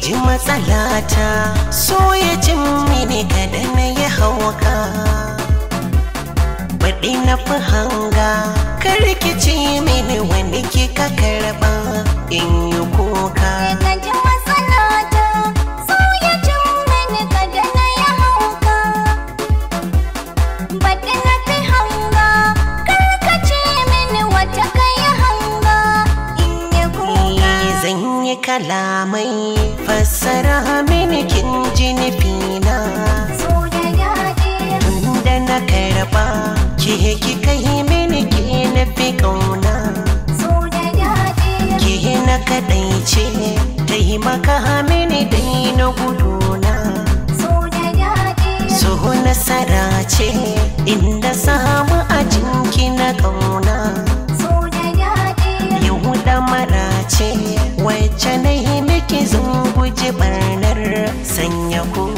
ji matsalata so ya jin mini kada na ya hauka baɗi na fi hanga kar ki ci mini wani kika karɓa in yi ki kika yi mini ke na fi ƙauna. Kihe na kaɗai ce, ta yi maka mini dai na guduna. Soho nasara ce, inda samu a jinki na ƙauna. Yahuda mara ce, wacce na yi miki zan guji ɓarnar sanya ko.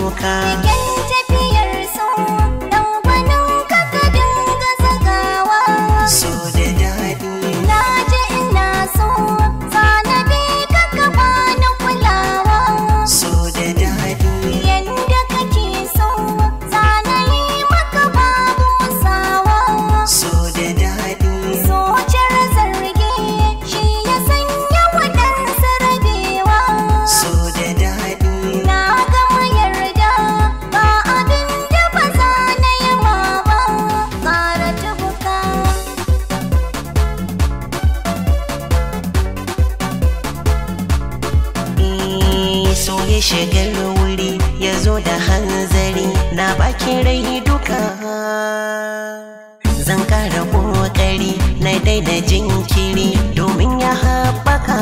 ya shiga wuri ya zo da hanzari na bakin rai duka zan kara kokari na daina jinkiri domin ya haɓaka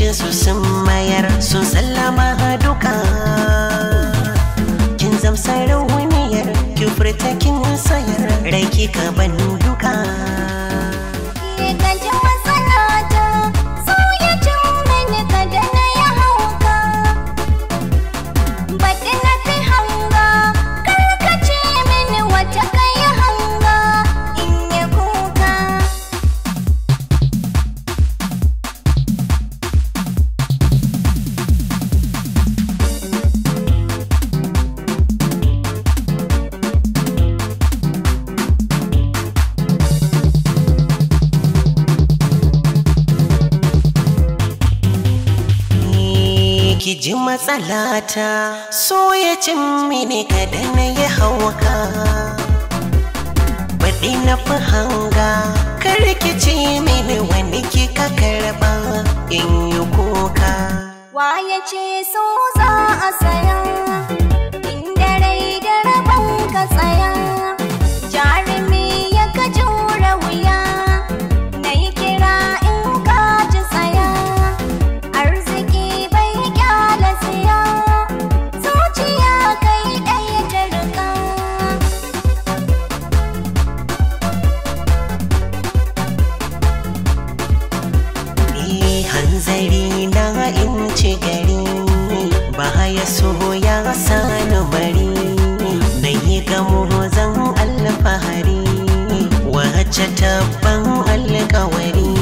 da sun mayar sun sallama duka kin zamsa rauni berprettekin sayar ɗaki ka ban duka ki ji matsalata so ya cin mini kada na yi hauka baɗi na fi hanga kar ki ci mini wani ki ka karɓa in yi kuka waye ce so za a saya zari na inci gari ba ya so ya sani bari na yi gamo zan alfahari wace taban alkawari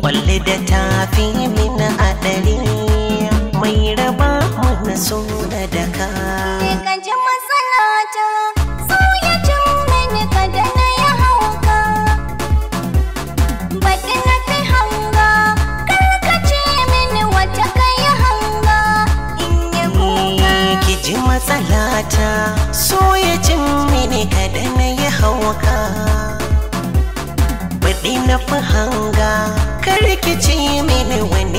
kwalli da tafi min a ɗari mai raba na so da daka matsalata so ya cin mini kada na yi hauka baɗi na fi hanga ci mini wani